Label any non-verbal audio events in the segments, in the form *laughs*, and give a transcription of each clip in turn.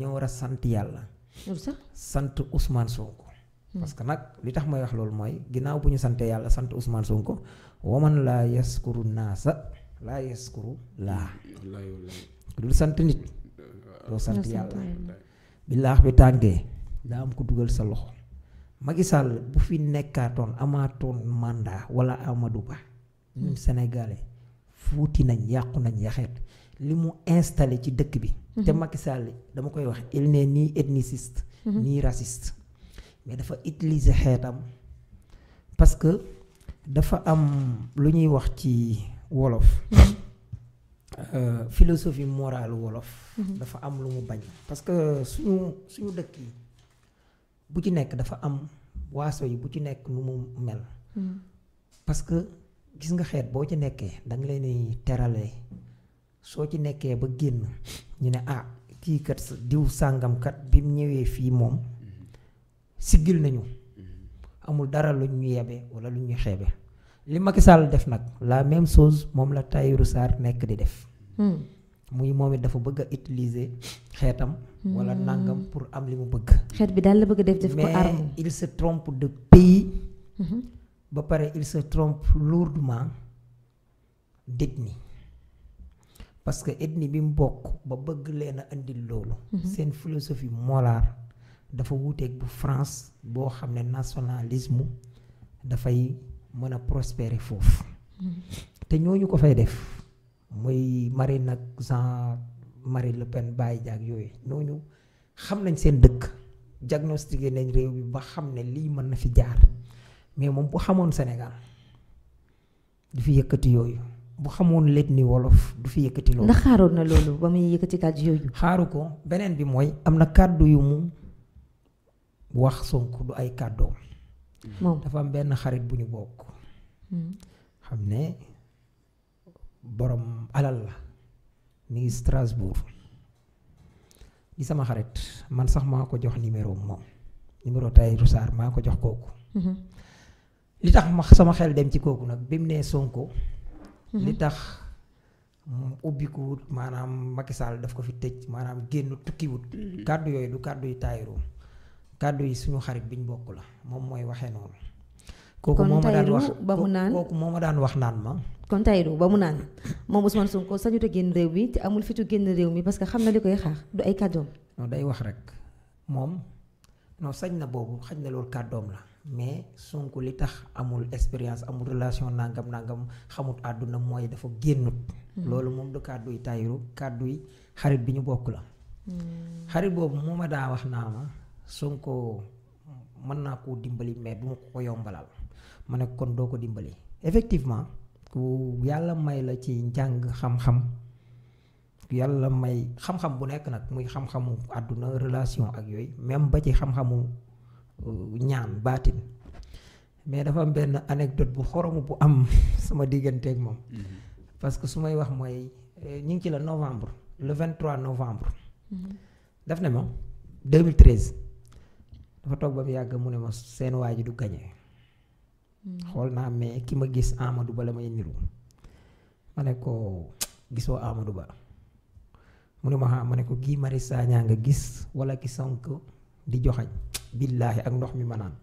ñoo war sant yàlla. sant Ousmane Sonko. Hmm. parce que nag li tax may wax loolu mooy ginnaaw bu ñu santee yàlla sant Ousmane Sonko waman laa yaskuru naasa laa yaskuru laa. dul sant nit. doo sant bi tàngee daa am ko dugal sa loxo. Macky Sall bu fi nekkaatoon amaatoon mandat wala Amadou Ba ñun hmm. Sénégalais. fuuti nañ yàqu nañ yaxeet li mu installé ci dëkk bi mhm. te Macky dama koy wax il n'est ni ethniciste mhm. ni raciste mais dafa utiliser xeetam parce que dafa am lu ñuy wax ci wolof mhm. euh, philosophie morale wolof dafa am lu mu bañ parce que suñu suñu dëkk yi bu ci nekk dafa am waaso yi bu ci nekk lu mu mel parce gis nga xeet boo ci nekkee danga leen di terale soo ci nekkee ba génn ñu ne ah kii kat diw sàngam kat bi mu ñëwee fii moom siggil nañu amul dara lu ñu yebe wala lu ñu xeebe li Macky Sall def nag la même chose moom la Tahirou Sarr nekk di def. Hmm. muy moom it dafa bëgg utiliser xeetam. wala hmm. nangam pour am li mu bëgg. xeet bi dal la bëgg a def def ko arme il se trompe de pays. Hmm. ba pare il se trompe lourdement d'ethnie parce que ethnie bi mu bokk ba bëgg leen indi indil loolu mhm. seen philosophie morale dafa wuuteeg bu France boo xam ne nationalisme dafay mën a prospérer foofu mhm. te ñooñu ko fay def muy Marine ak Jean Marie Le Pen Baye Diack yooyu ñooñu xam nañ seen dëkk diagnostiqué nañ réew bi ba xam ne lii mën na fi jaar mais moom bu xamoon senegal du fi yëkkati yooyu bu xamoon let ni wolof du fi yëkkati loolu. ndax xaaroon na loolu ba muy yëkkati kàddu yooyu. xaaru ko beneen bi mooy am na kàddu yu mu wax Sonko du ay kàddoom. moom dafa am benn xarit bu ñu bokk. Hmm. xam ne borom alal la mi ngi Strasbourg di sama xarit man sax maa ko jox numéro moom numéro Tahirou Sarr maa ko jox kooku. Hmm. li tax ma sama xel dem ci kooku nag bi mu nee Sonko. Mhm. li tax ubbiku maanaam Macky Sall daf ko fi tëj maanaam génn tukkiwut. Mhm. kàddu yooyu du kàddu yu taayiroo kàddu yi suñu xarit bi ñu bokk la moom mooy waxee noonu. kooku moo ma daan wax ba mu naan kooku moo ma daan wax naan kon Tahirou ba mu naan moom Ousmane Sonko sañut a génn réew mi te amul fitu génn réew mi parce que xam na li koy xaar du ay kàddoom. non day wax rek moom non sañ na boobu xañ na loolu kàddoom la. mais Sonko li tax amul expérience amul relation nangam nangam xamut àdduna mooy dafa génnut. Hmm. loolu moom du kàddu yi Tahirou kàddu yi xarit bi ñu bokk la. Hmm. xarit boobu moo ma daa wax naa ma Sonko mën naa koo dimbali mais bu ma ko yombalal ma nekk kon doo ko dimbali effectivement ku yàlla may la ci njàng xam-xam. yàlla may xam-xam bu nekk nag muy xam-xamu àdduna relation ak yooyu même ba ci xam-xamu Euh, ñaan baatin mais dafa am benn anecdote bu xoromu bu am *laughs* sama diggante digganteeg moom mm-hmm. parce que su may wax mooy euh, ñu ngi ci la novembre le 23 novembre mm-hmm. def ne ma 2013 dafa toog ba mu yàgg mu ne ma seen waa ji du gañe mm-hmm. xool naa mais ki ma gis Amadou Ba la may niru ma ne ko gisoo Amadou Ba mu ne ma xam ma ne ko Guy Marius Sagna nga gis walla ki Sonko di joxañ billaahi ak ndox mi ma naan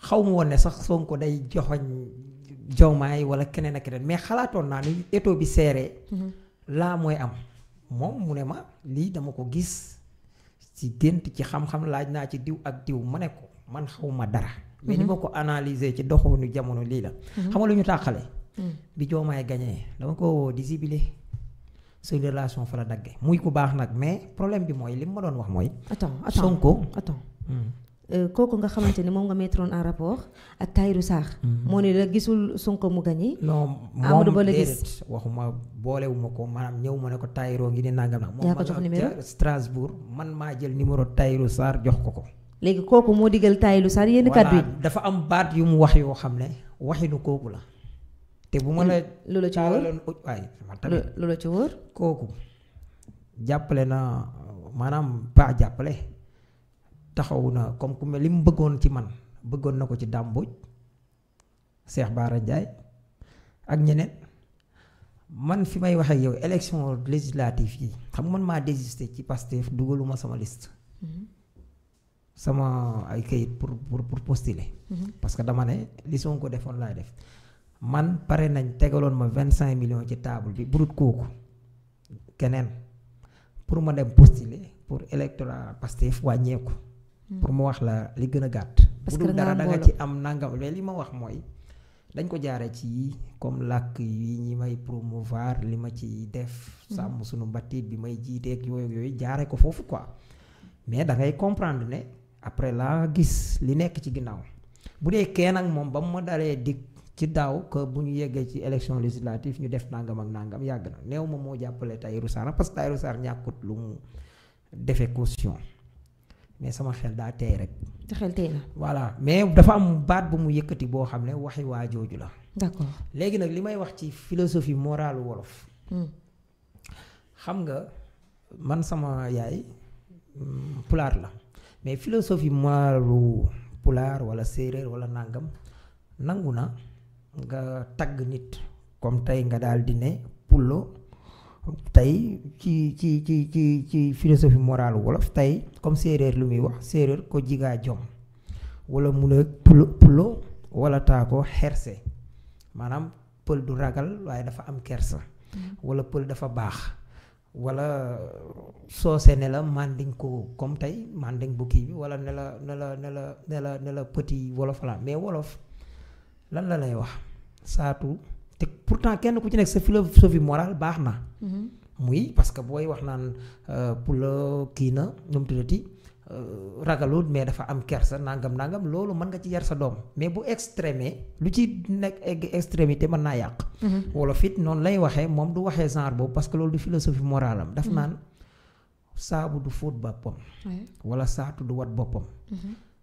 xaw ma woon ne sax Sonko day joxoñ jawmaay wala keneen a keneen mais xalaatoon naa ni étau bi seeree. Mhm. laa mooy am moom mu ne ma lii dama ko gis ci gént ci xam-xam laaj naa ci diw ak diw ma ne ko man xaw ma dara. mais ni mhm. ma ko analyser ci doxoonu jamono lii la. Mhm. xam nga lu ñu tàqale. bi joomaay gañee dama ko woo di sibile suñu relation fa la dagge muy ku baax nag mais problème bi mooy li ma doon wax mooy. Sonko. Euh, kooku nga xamante ni moom nga mettre en rapport ak Tahirou Sarr. Mm-hmm. moo ne la gisul Sonko mu gañi. Amadou Ba la gis waxuma boolewuma ko maanaam ñëw ma ne ko Tahirou ngi ne nangam nag. yaa ko jox numéro Strasbourg man maa jël numéro Tahirou Sarr jox ko ko. léegi kooku moo digal Tahirou Sarr yenn kàddu yi. dafa am baat yu mu wax yoo xam ne waxinu kooku la. te bu ma la. lu la ci oh, la ci wóor. kooku jàppale na maanaam paa jàppale. taxawu na comme ku mel li mu bëggoon ci man bëggoon na ko ci dàmbuj Cheikh Bara Ndiaye ak ñeneen man fi may waxee yow élection législative yi xam man maa désisté ci Pastef dugaluma sama liste mm-hmm. sama ay kayit pour pour pour postuler mm-hmm. que dama ne li Sonko defoon laay def man pare nañ tegaloon ma vingt cinq million ci table bi burut kooku keneen pour ma dem postuler pour électorat Pastef wàññeeku Hmm. pour mu wax la li gën a gàtt. parce que dara da nga ci am nangam mais li ma wax mooy. dañ ko jaare ci comme làkk yi ñi may promouvoir li ma ci def. Hmm. sàmm suñu mbatit bi may jiiteeg yooyu yooyu jaare ko foofu quoi. mais da ngay comprendre ne après laa gis li nekk ci ginnaaw bu dee kee nag moom ba mu ma daree dikk ci daaw que bu ñu yeggee ci élection législative ñu def nangam ak nangam yàgg na néew ma moo jàppale Tahirou Sarr parce que Tahirou ñàkkut lu mu defee caution. mais sama xel daa tey rek. te xel tey na. voilà mais dafa am baat bu mu yëkkati boo xam ne waxi waa jooju la. d'accord léegi nag li may wax ci philosophie morale wolof. Hmm. xam nga man sama yaay hmm, pulaar la mais philosophie moralu pulaar wala séeréer wala nàngam nangu na nga tagg nit comme tey nga daal di ne pullo tey ci ci ci ci ci philosophie morale wolof tey comme séeréer lu muy wax séeréer ko jigaa jom wala mu ne pulo pulo wala taa ko xerse maanaam pël du ragal waaye dafa am kersa mm-hmm. wala pël dafa baax wala soose ne la manding ko comme tey manding bu kii bi wala ne la ne la ne la ne la ne wolof la mais wolof lan la lay wax saatu te pourtant kenn ku ci nekk sa philosophie morale baax na. Mm-hmm. muy parce que booy wax naan euh, pour la kii na ñoom tuddati euh, ragalul mais dafa am kersa nangam nangam loolu mën nga ci yar sa doom mais bu extrémé lu ci nekk egg extrémité man naa yàq. Mm-hmm. wala fit noonu lay waxee moom du waxee genre boobu parce que loolu du philosophie morale am. daf mm-hmm. naan saabu du fóot boppam. wala saatu du wat boppam.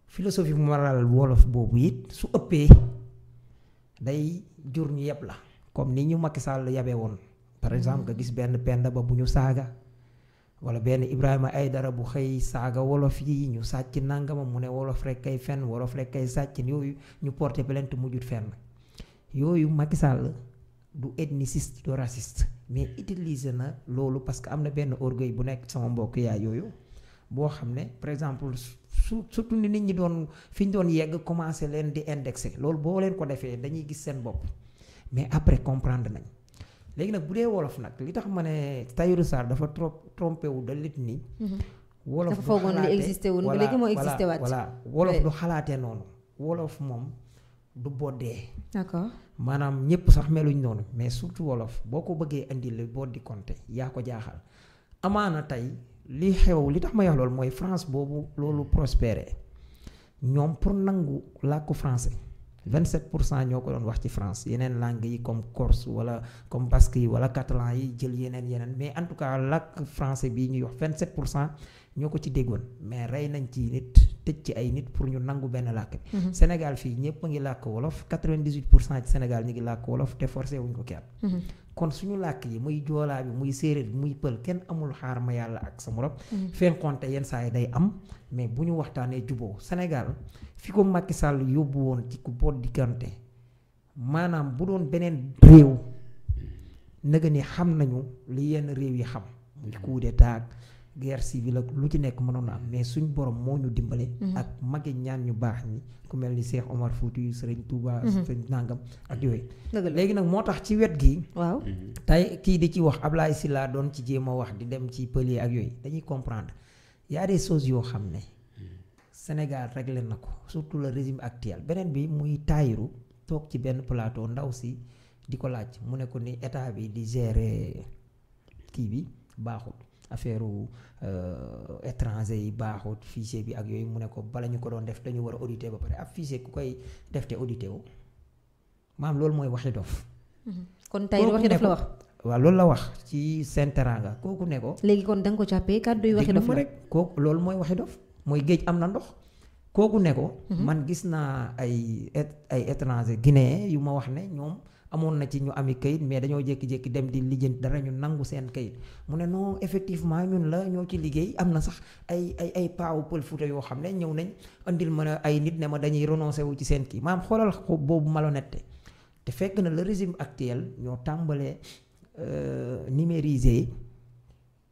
philosophie morale wolof boobu it su ëppee. day jur ñu yeb la comme ni ñu Macky Sall yabee woon par exemple nga gis benn penda ba bu ñu saaga wala benn ay dara bu xëy saaga wolof yi ñu sàcc nangamam mu ne wolof rek kay fenn wolof rek kay sàcc yooyu ñu porté plainte mujjut fenn yooyu Macky Sall du ethniciste du raciste mais utiliser na loolu parce que am na benn orgueil bu nekk sama mbokk yaay yooyu boo xam ne par exemple surtout ni nit ñi doon fi ñu doon yegg commencé leen di indexé loolu boo leen ko defee dañuy gis seen bopp mais après comprendre nañ léegi nag bu dee wolof nag li tax ma ne Tahirou Sarr dafa trop trompé wu da lit nii mhm. wolof dafa foogoon li existé woon moo existé waat voilà wolof du xalaatee noonu wolof moom du boddee d'accord maanaam ñëpp sax meluñ noonu mais surtout wolof boo ko bëggee indi li boo di compté yaa ko jaaxal amaana tey li xew li tax ma yox loolu mooy France boobu loolu prospéré ñoom pour nangu làkku français 27 pour cent ñoo ko doon wax ci France yeneen langue yi comme corse wala comme basque yi wala catalan yi jël yeneen yeneen mais en tout cas làkk français bii ñuy wax 27 pour cent ñoo ko ci déggoon mais rey nañ ci nit. tëj ci ay nit pour ñu nangu benn làkk bi mhm. Sénégal fii ñëpp a ngi làkk wolof 98 pour cent ci Sénégal ñu ngi làkk wolof te forcé ko kenn mhm. kon suñu làkk yi muy joolaa bi muy séeréer bi muy pël kenn amul xaar ma yàlla ak sa morom mhm. fenkonte yenn saa yi day am mais bu ñu waxtaanee juboo Sénégal fi ko Macky Sall yóbbu woon ci ku boot diggante maanaam bu doon beneen réew nëga ni xam nañu li yenn réew yi xam muy coup d'état guerre civile ak lu ci nekk mënoon am mais suñ borom moo ñu dimbale mhm. ak magi ñaan ñu baax ñi ku mel ni Cheikh Omar Fouti Serigne Touba mhm. Serigne Nangam ak yooyu léegi nag moo tax ci wet gi waaw tey kii di ci wax si laa doon ci jéem a wax di dem ci pëlier ak yooyu dañuy comprendre y a des yoo xam ne Sénégal leen na ko surtout le régime actuel beneen bi muy taayiru toog ci benn plateau ndaw si di ko laaj mu ne ko ni état bi di gérer kii bi affaire euh, étranger yi baaxut fichier bi ak yooyu mu ne ko bala ñu ko doon def dañu war a auditer ba pare ab fichier ku koy def te auditer wu maam loolu mooy waxi dof. Mhm. kon tey waxi dof la wax. waaw loolu la wax ci seen teraanga kooku ne ko. léegi kon da nga ko jàppee kàddu yi waxi dof la rek kooku loolu mooy waxi dof mooy géej am na ndox. kooku ne ko. Mhm. man gis naa ay ay étranger guinéen yu ma wax ne ñoom. amoon na ci ñu ami kayit mais dañoo jékki-jékki dem di lijjanti dara ñu nangu seen kayit mu ne non effectivement ñun la ñoo ci liggéey am na sax ay ay ay paawu pël Fuuta yoo xam ne ñëw nañ andil ma ne ay nit ne ma dañuy renoncé wu ci seen kii maam xoolal ko boobu malo malhonnêteté te fekk na la régime actuel ñoo tàmbalee euh, numériser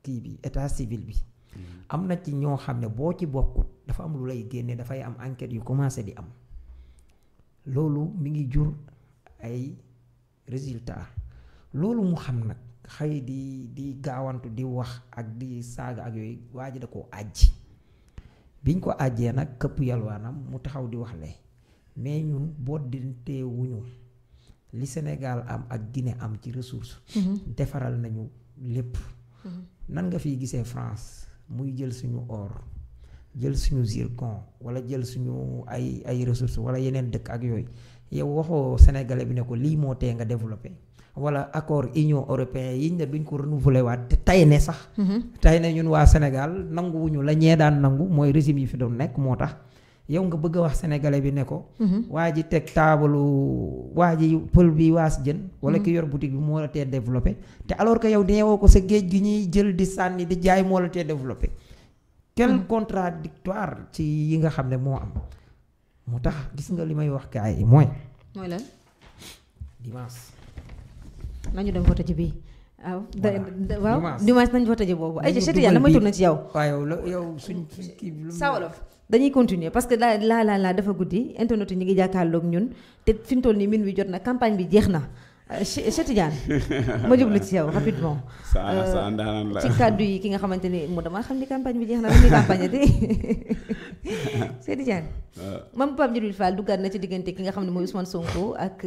kii bi état civil bi. Mm-hmm. am na ci ñoo xam ne boo ci bokkut dafa am lu lay génne dafay am enquête yu commencé di am loolu mi ngi jur résultat loolu mu xam nag xëy di di gaawantu di wax ak di saaga ak yooyu waaj ji da koo àjji biñ ko àjjee nag këpp yalwaanam mu taxaw di wax le mais ñun boddintee wuñu li Sénégal am ak Guinée am ci ressource mhm. defaral nañu lépp mhm. nan nga fiy gisee France muy jël suñu or jël suñu zircon wala jël suñu ay ay ressources wala yeneen dëkk ak yooyu yow waxoo sénégalais bi ne ko lii moo tee nga développé wala accord union européen yiñ ne duñ ko renouveler waat te tay ne sax mm-hmm. tay ne ñun waa sénégal nanguwuñu la ñee daan nangu mooy régime yi fi doon nekk moo tax yow nga bëgg a wax sénégalais bi ne ko mm-hmm. waa ji teg taabalu waa ji pël bi waas jën wala ki mm-hmm. yor boutique bi moo la tee développé te alors que yow deewoo ko sa géej gi ñuy di sànni di jaay moo la tee quel mm. contradictoire ci yi nga xam ne moo am moo tax gis nga li may wax gars yi mooy. mooy la dimanche. nañu dem voté ci bii. Ah, waaw dimanche dimanche nañu voté ci boobu. ay ci Cheikh Tidiane damay tourné ci yow. waaw yow la yow suñ kii bi. Saa Wolof dañuy continuer parce que laa laa laa dafa guddi internet yi ñu ngi jàkkaarloog ñun te fi mu toll nii min wi jot na campagne bi jeex na. Euh, Cheikh ma jublu ci yow rapidement. saa *laughs* saa euh, ndaanaan la ci kàddu yi ki nga xamante ni moo dama xam ni campagne bi jeex na dañuy campagne te *laughs* Cheikh Tidiane. Euh. mam Pape Djibril Fall duggaat na ci diggante ki nga xam ne mooy Ousmane Sonko ak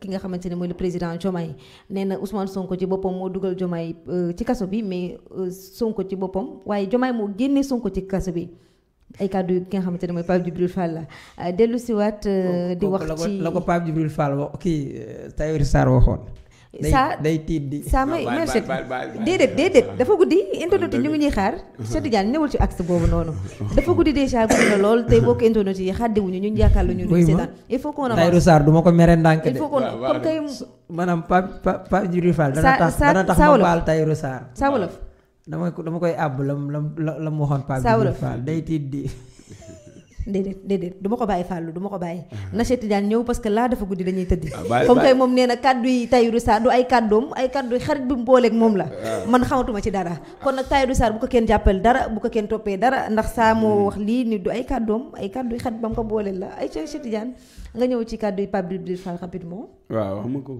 ki nga xamante ne mooy le président Diomaye nee na Ousmane Sonko ci boppam moo dugal Diomaye ci kaso bi mais Sonko ci boppam waaye Diomaye moo génne Sonko ci kaso bi. ay kàddu ki nga xamante ne mooy Pape Djibril Fall la euh, dellu si waat euh, di wax ci la ko Pape Djibril Fall wax kii euh, Tayour Sarr waxoon saa day tiit di saa may may set déedéet déedéet dafa guddi internet yi ñuy xaar Cheikh Tidiane newul ci axe boobu noonu dafa guddi déjà guddi na lool tey bokk internet yi xàddiwuñu ñun yaakaar la ñu duñ seetaan il faut qu'on avance Tayrou Sarr du ma ko mere ndànk il faut qu'on comme kay maanaam Pape Pape Djibril Fall dana tax dana tax ma baal Tayrou dama dama koy àbb la lam lam waxoon Pape Djibril Fall day tiit di déedéet déedéet du ma ko bàyyi Fallou du ma ko bàyyi na Cheikh Tidiane ñëw parce que laa dafa guddi dañuy tëddi ah, comme tey moom nee na kàddu yi Tahirou Sarr du ay kàddoom ay kàddu yi xarit bi mu booleek moom la ah. man xamatuma ci dara kon nag Tahirou saar bu ko kenn jàppale dara bu ko kenn toppee dara ndax saa moo hmm. wax lii ni du ay kàddoom ay kàddu yi xarit ba mu ko booleel la ay Cheikh Tidiane nga ñëw ci kàddu yi Pape Djibril Fall waaw